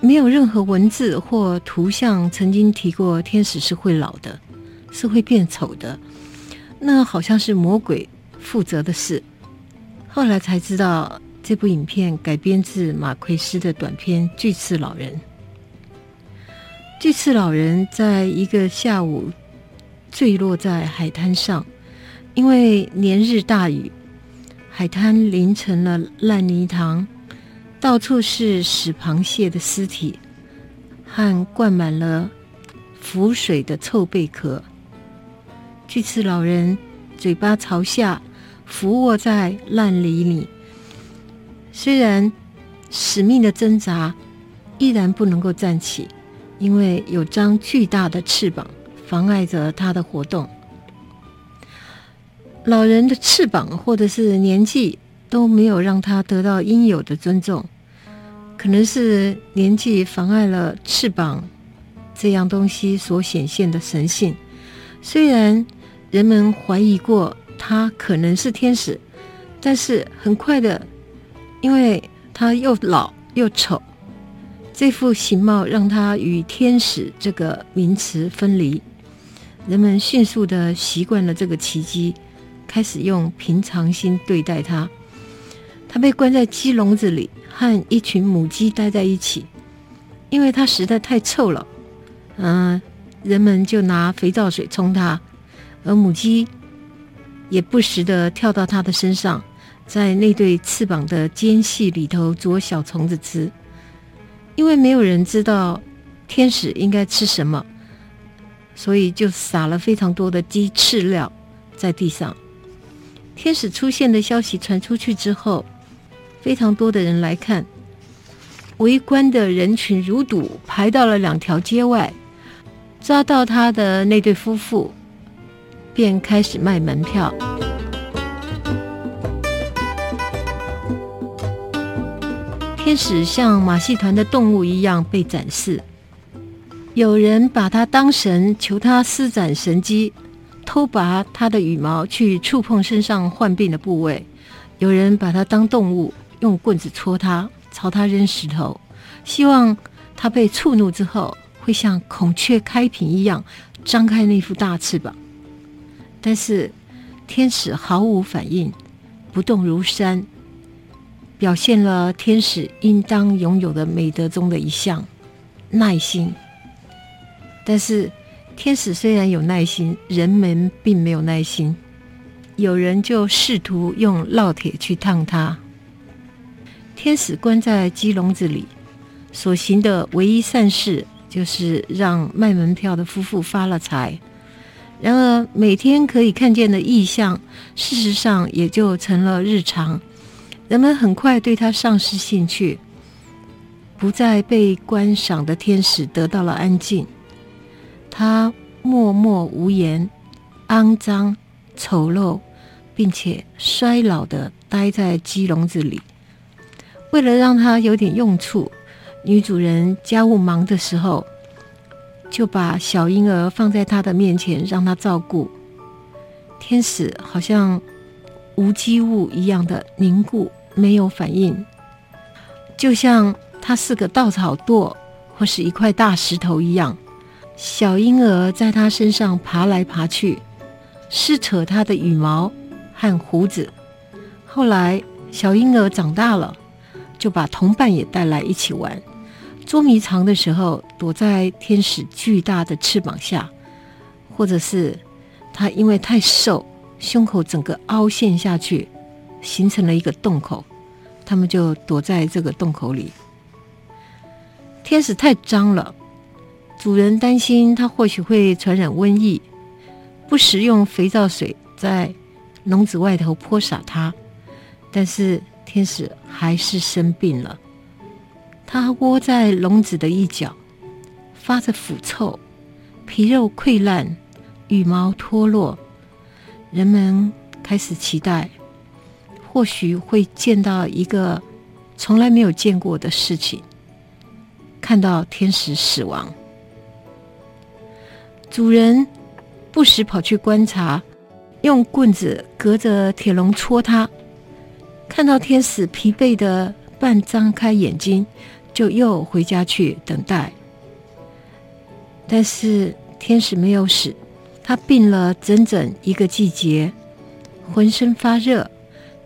沒有任何文字或圖像曾經提過天使是會老的，是會變醜的，那好像是魔鬼負責的事。後來才知道，這部影片改編自馬奎斯的短篇《巨翅老人》。巨翅老人在一個下午墜落在海灘上，因為連日大雨，海灘淋成了爛泥塘，到處是死螃蟹的屍體和灌滿了浮水的臭貝殼。巨翅老人嘴巴朝下。伏臥在爛泥裡，雖然使命的掙扎，依然不能夠站起，因為有張巨大的翅膀妨礙着他的活動。老人的翅膀，或者是年紀，都沒有讓他得到應有的尊重。可能是年紀妨礙了翅膀這樣東西所顯現的神性，雖然人們懷疑過。他可能是天使，但是很快的，因為他又老又醜，這副形貌讓他與天使這個名詞分離。人們迅速的習慣了這個奇蹟，開始用平常心對待他。他被關在雞籠子裡，和一群母雞待在一起，因為他實在太臭了。嗯、呃，人們就拿肥皂水沖他，而母雞。也不時地跳到他的身上，在那對翅膀的間隙裡頭捉小蟲子吃。因為沒有人知道天使應該吃什麼，所以就撒了非常多的雞飼料在地上。天使出現的消息傳出去之後，非常多的人來看，圍觀的人群如堵，排到了兩條街外。抓到他的那對夫婦。便開始賣門票。天使像馬戲團的動物一樣被展示，有人把他當神，求他施展神蹟，偷拔他的羽毛去觸碰身上患病的部位；有人把他當動物，用棍子戳他，朝他扔石頭，希望他被觸怒之後會像孔雀開屏一樣張開那副大翅膀。但是，天使毫無反應，不動如山，表現了天使應當擁有的美德中的一項——耐心。但是，天使雖然有耐心，人們並沒有耐心，有人就試圖用烙鐵去燙它。天使關在雞籠子裡，所行的唯一善事就是讓賣門票的夫婦發了財。然而，每天可以看見的異象，事實上也就成了日常。人們很快對他喪失興趣，不再被觀賞的天使得到了安靜。他默默無言，骯髒、醜陋，並且衰老地待在雞籠子裡。為了讓他有點用處，女主人家務忙的時候。就把小嬰兒放在他的面前，讓他照顧。天使好像無機物一樣的凝固，沒有反應，就像他是個稻草垛或是一塊大石頭一樣。小嬰兒在他身上爬來爬去，撕扯他的羽毛和鬍子。後來，小嬰兒長大了，就把同伴也帶來一起玩。捉迷藏的時候，躲在天使巨大的翅膀下，或者是他因為太瘦，胸口整個凹陷下去，形成了一個洞口。他們就躲在這個洞口裡。天使太髒了，主人擔心他或許會傳染瘟疫，不時用肥皂水在籠子外頭潑灑它。但是天使還是生病了，他窩在籠子的一角。發着腐臭，皮肉潰爛，羽毛脫落。人們開始期待，或許會見到一個從來沒有見過的事情——看到天使死亡。主人不時跑去觀察，用棍子隔着鐵籠戳它。看到天使疲憊的半張開眼睛，就又回家去等待。但是天使沒有死，他病了整整一個季節，渾身發熱，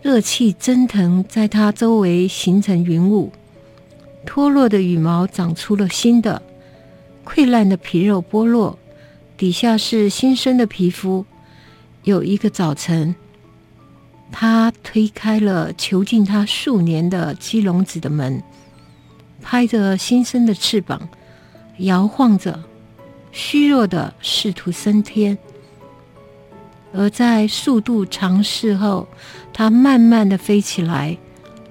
熱氣蒸騰，在他周圍形成雲霧。脫落的羽毛長出了新的，潰爛的皮肉剝落，底下是新生的皮膚。有一個早晨，他推開了囚禁他數年的雞籠子的門，拍着新生的翅膀，搖晃着。虛弱的試圖升天，而在數度嘗試後，它慢慢的飛起來，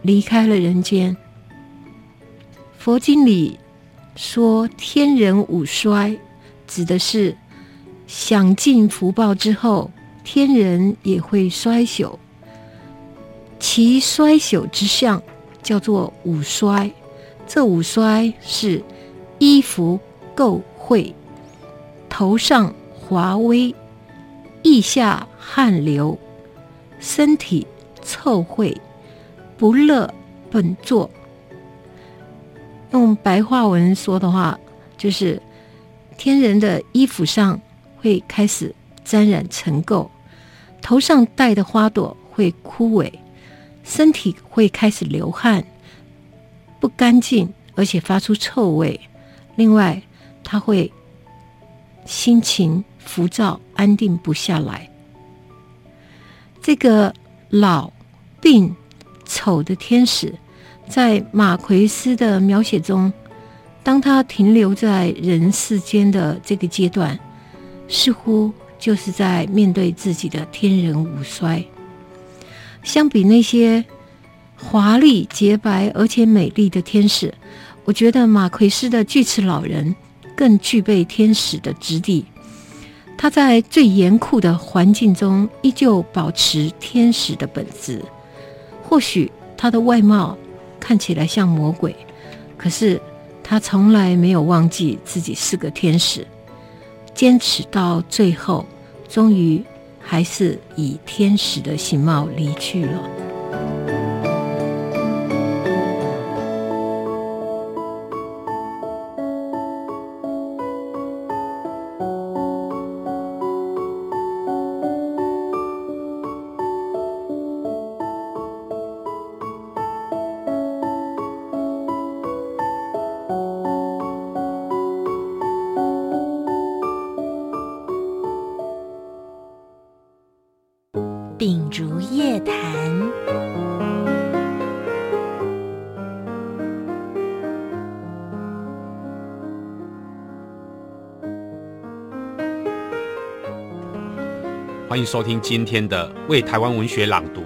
離開了人間。佛經裡說天人五衰，指的是享盡福報之後，天人也會衰朽，其衰朽之相叫做五衰。這五衰是衣服垢穢。頭上華萎，腋下汗流，身體臭穢，不樂本座。用白話文說的話，就是天人的衣服上會開始沾染塵垢，頭上戴的花朵會枯萎，身體會開始流汗，不乾淨而且發出臭味。另外，它會。心情浮躁，安定不下來。這個老、病、醜的天使，在馬奎斯的描寫中，當他停留在人世間的這個階段，似乎就是在面對自己的天人五衰。相比那些華麗、潔白而且美麗的天使，我覺得馬奎斯的巨齒老人，更具備天使的質地，他在最嚴酷的環境中依舊保持天使的本質。或許他的外貌看起來像魔鬼，可是他從來沒有忘記自己是個天使，堅持到最後，終於還是以天使的形貌離去了。歡迎收聽今天的為臺灣文學朗讀。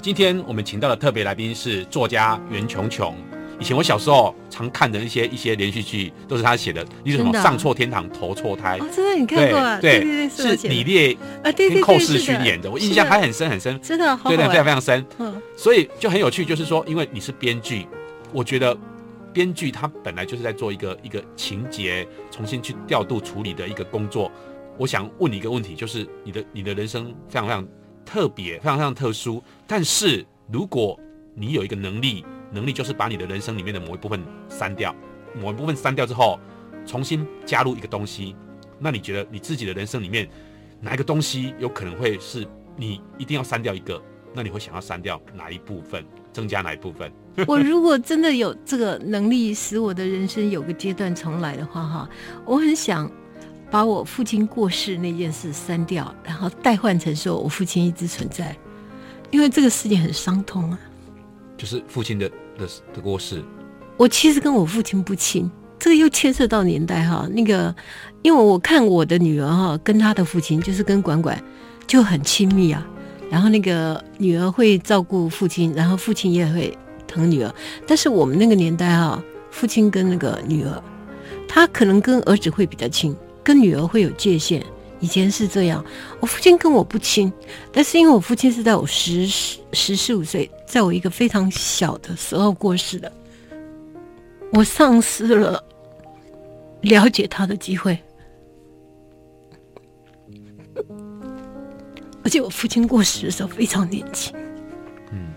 今天我們請到的特別來賓是作家袁瓊瓊。以前我小時候常看的一些一些連續劇都是他寫的，你說什麼、啊、上錯天堂投錯胎？哦，真的你看過、啊對？對對是李烈跟寇世勳演的，對對對對的我印象還很深很深。的很深真的，非常非常非常深。所以就很有趣，就是說，因為你是編劇，嗯、我覺得編劇他本來就是在做一個一個情節重新去調度處理的一個工作。我想問你一個問題，就是你的你的人生非常非常特別，非常非常特殊。但是，如果你有一個能力，能力就是把你的人生裡面的某一部分刪掉，某一部分刪掉之後，重新加入一個東西，那你覺得你自己的人生裡面哪一個東西有可能會是你一定要刪掉一個？那你會想要刪掉哪一部分，增加哪一部分？ 我如果真的有這個能力，使我的人生有個階段重來的話，哈，我很想。把我父親過世那件事刪掉，然後代換成說我父親一直存在，因為這個事情很傷痛啊。就是父親的的的過世，我其實跟我父親不親，這個又牽涉到年代哈。那個，因為我看我的女兒哈，跟她的父親就是跟管管就很親密啊。然後那個女兒會照顧父親，然後父親也會疼女兒。但是我們那個年代哈，父親跟那個女兒，他可能跟兒子會比較親。跟女兒會有界限，以前是這樣。我父親跟我不親，但是因為我父親是在我十十十四五歲，在我一個非常小的時候過世的，我喪失了了解他的機會。而且我父親過世的時候非常年輕，嗯，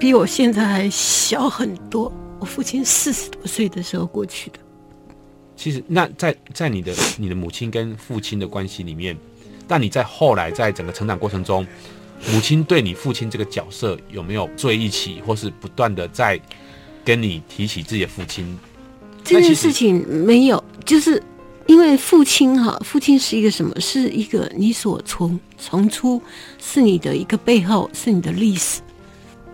比我現在還小很多。我父親四十多歲的時候過去的。其實，那在在你的你的母親跟父親的關係裡面，但你在後來在整個成長過程中，母親對你父親這個角色有沒有追憶起，或是不斷的在跟你提起自己的父親？這件事情沒有，就是因為父親哈、啊，父親是一個什麼？是一個你所從從出，是你的一個背後，是你的歷史。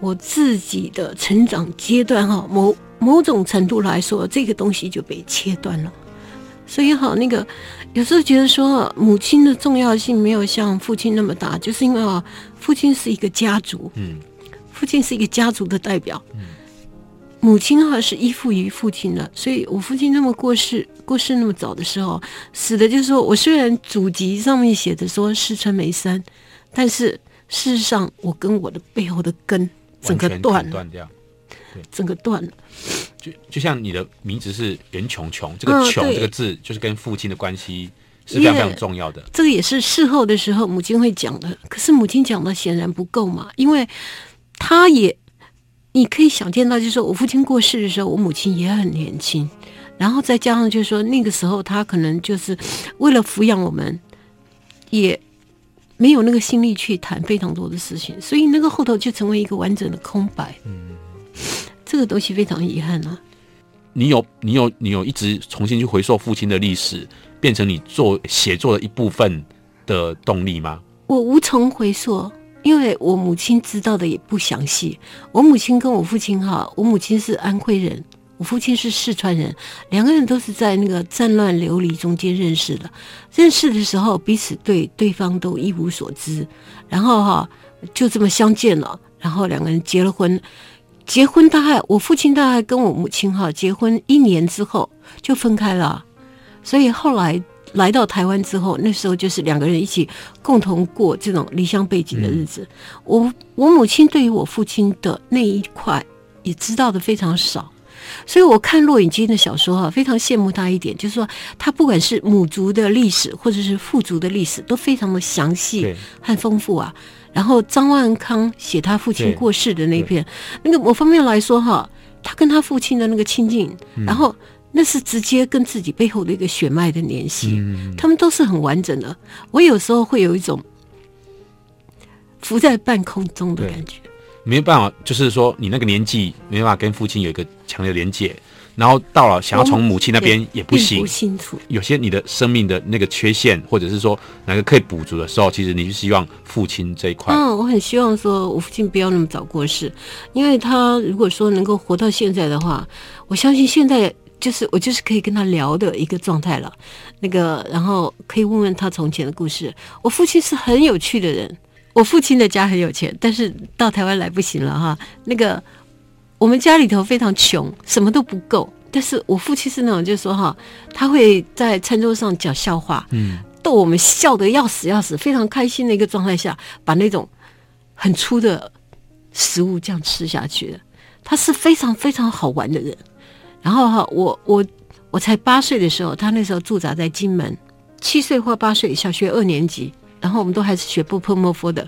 我自己的成長階段哈、啊，某。某種程度來說，這個東西就被切斷了。所以好，好那個，有時候覺得說，母親的重要性沒有像父親那麼大，就是因為啊，父親是一個家族，嗯，父親是一個家族的代表，嗯，母親哈是依附於父親的。所以我父親那麼過世，過世那麼早的時候，使得就是說我雖然祖籍上面寫着說四川眉山，但是事實上我跟我的背後的根整個斷了，全全斷掉。整個斷了，就就像你的名字是袁瓊瓊，嗯、這個“瓊”這個字，就是跟父親的關係是非常非常重要的。Yeah, 這個也是事後的時候，母親會講的。可是母親講的顯然不夠嘛，因為他也，你可以想見到，就是說我父親過世的時候，我母親也很年輕，然後再加上就是說那個時候他可能就是為了撫養我們，也沒有那個心力去談非常多的事情，所以那個後頭就成為一個完整的空白。嗯這個東西非常遺憾啊！你有你有你有一直重新去回溯父親的歷史，變成你做寫作的一部分的動力嗎？我無從回溯，因為我母親知道的也不詳細。我母親跟我父親哈，我母親是安徽人，我父親是四川人，兩個人都是在那個戰亂流離中間認識的。認識的時候，彼此對對方都一無所知，然後哈，就這麼相見了，然後兩個人結了婚。結婚大概，我父親大概跟我母親哈、啊、結婚一年之後就分開了，所以後來來到台灣之後，那時候就是兩個人一起共同過這種離鄉背井的日子。嗯、我我母親對於我父親的那一塊也知道的非常少，所以我看駱以軍的小說哈、啊，非常羨慕他一點，就是說他不管是母族的歷史或者是父族的歷史，都非常的詳細、很豐富啊。然後張萬康寫他父親過世的那一篇，那個某方面來說哈，他跟他父親的那個親近，嗯、然後那是直接跟自己背後的一個血脈的聯繫，嗯、他們都是很完整的。我有時候會有一種浮在半空中的感覺，沒辦法，就是說你那個年紀沒辦法跟父親有一個強烈的連接。然後到了想要從母親那邊也不行，哦，不清楚有些你的生命的那個缺陷，或者是說哪個可以補足的時候，其實你是希望父親這一塊。嗯，我很希望說我父親不要那麼早過世，因為他如果說能夠活到現在的話，我相信現在就是我就是可以跟他聊的一個狀態了。那個，然後可以問問他從前的故事。我父親是很有趣的人，我父親的家很有錢，但是到台灣來不行了哈。那個。我們家裡頭非常窮，什麼都不夠。但是我父親是那種，就是說哈，他會在餐桌上講笑話，嗯，逗我們笑得要死要死，非常開心的一個狀態下，把那種很粗的食物這樣吃下去的。他是非常非常好玩的人。然後哈，我我我才八歲的時候，他那時候駐紮在金門，七歲或八歲，小學二年級。然後我們都還是學波坡莫夫的。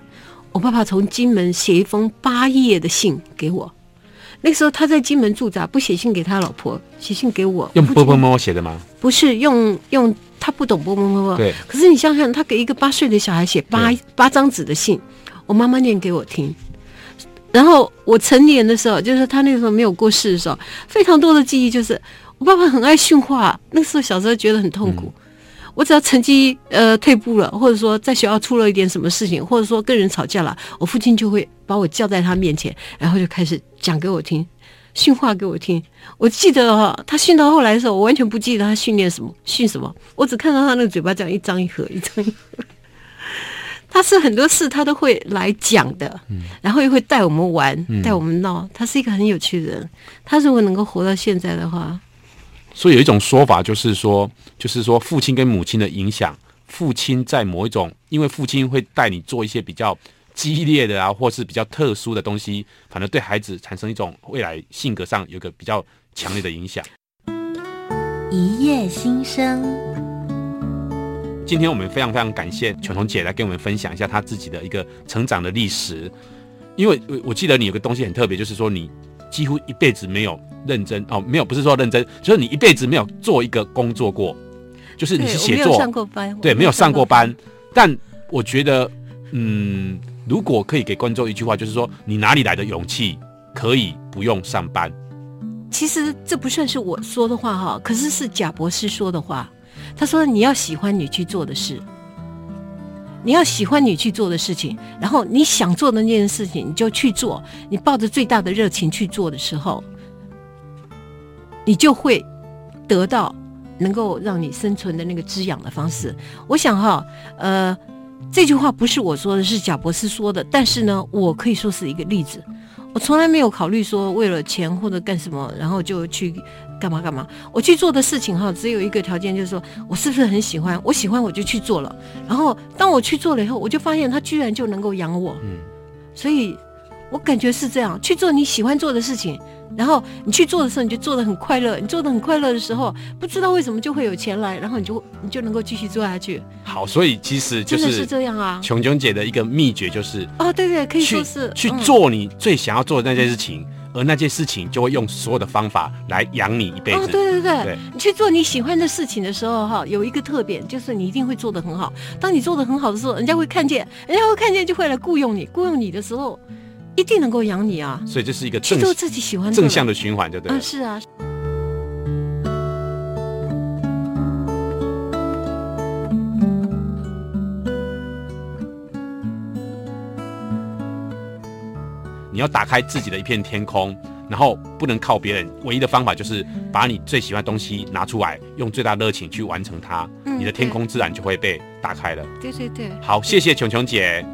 我爸爸從金門寫一封八頁的信給我。那時候他在金門駐紮，不寫信給他老婆，寫信給我。用波波摸摸寫的嗎？不是，用用他不懂波波摸摸。對。可是你想想，他給一個八歲的小孩寫八對八張紙的信，我媽媽念給我聽。然後我成年的時候，就是他那個時候沒有過世的時候，非常多的記憶就是我爸爸很愛訓話，那時候小時候覺得很痛苦。嗯我只要成績呃退步了，或者說在學校出了一點什麼事情，或者說跟人吵架了，我父親就會把我叫在他面前，然後就開始講給我聽，訓話給我聽。我記得哈、哦，他訓到後來的時候，我完全不記得他訓練什麼訓什麼，我只看到他那個嘴巴這樣一張一合一張一合。他是很多事他都會來講的，然後又會帶我們玩，嗯、帶我們鬧。他是一個很有趣的人。他如果能夠活到現在的話。所以有一種說法就是說，就是說父親跟母親的影響，父親在某一種，因為父親會帶你做一些比較激烈的啊，或是比較特殊的東西，反而對孩子產生一種未來性格上有個比較強烈的影響。一夜新生，今天我們非常非常感謝瓊瓊姐來跟我們分享一下她自己的一個成長的歷史，因為我我記得你有個東西很特別，就是說你。幾乎一輩子沒有認真哦，沒有不是說認真，就是你一輩子沒有做一個工作過，就是你是寫作，對，沒有上過班，對，沒有上過班。我過班，但我覺得，嗯，如果可以給觀眾一句話，就是說你哪裡來的勇氣可以不用上班？其實這不算是我說的話哈，可是是賈博士說的話，他說你要喜歡你去做的事。你要喜歡你去做的事情，然後你想做的那件事情，你就去做。你抱着最大的熱情去做的時候，你就會得到能夠讓你生存的那個滋養的方式。我想哈，呃，這句話不是我說的，是賈伯斯說的。但是呢，我可以說是一個例子。我從來沒有考慮說為了錢或者幹什麼，然後就去。幹嘛幹嘛？我去做的事情哈，只有一個條件，就是說我是不是很喜歡？我喜歡我就去做了。然後當我去做了以後，我就發現他居然就能夠養我。嗯，所以，我感覺是這樣：去做你喜歡做的事情，然後你去做的時候，你就做的很快樂。你做的很快樂的時候，不知道為什麼就會有錢來，然後你就你就能夠繼續做下去。好，所以其實真的是這樣啊！瓊瓊姐的一個秘訣就是，是啊、哦，對對，可以說是去，、嗯、去做你最想要做的那件事情。嗯而那件事情就會用所有的方法來養你一輩子。哦，對對對，你對去做你喜歡的事情的時候，哈，有一個特點就是你一定會做得很好。當你做得很好的時候，人家會看見，人家會看見就會來雇傭你。雇傭你的時候，一定能夠養你啊。所以這是一個去做自己喜歡的正向的循環，就對了。嗯，是啊。你要打開自己的一片天空，然後不能靠別人，唯一的方法就是把你最喜歡的東西拿出來，用最大的熱情去完成它，嗯、你的天空自然就會被打開了。對對對，對，好，謝謝瓊瓊姐。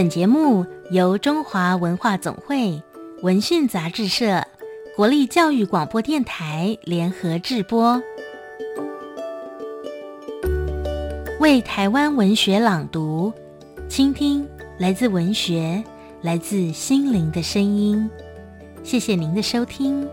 本節目由中華文化總會、文訊雜誌社、國立教育廣播電臺聯合製播。為臺灣文學朗讀，傾聽來自文學、來自心靈的聲音。謝謝您的收聽。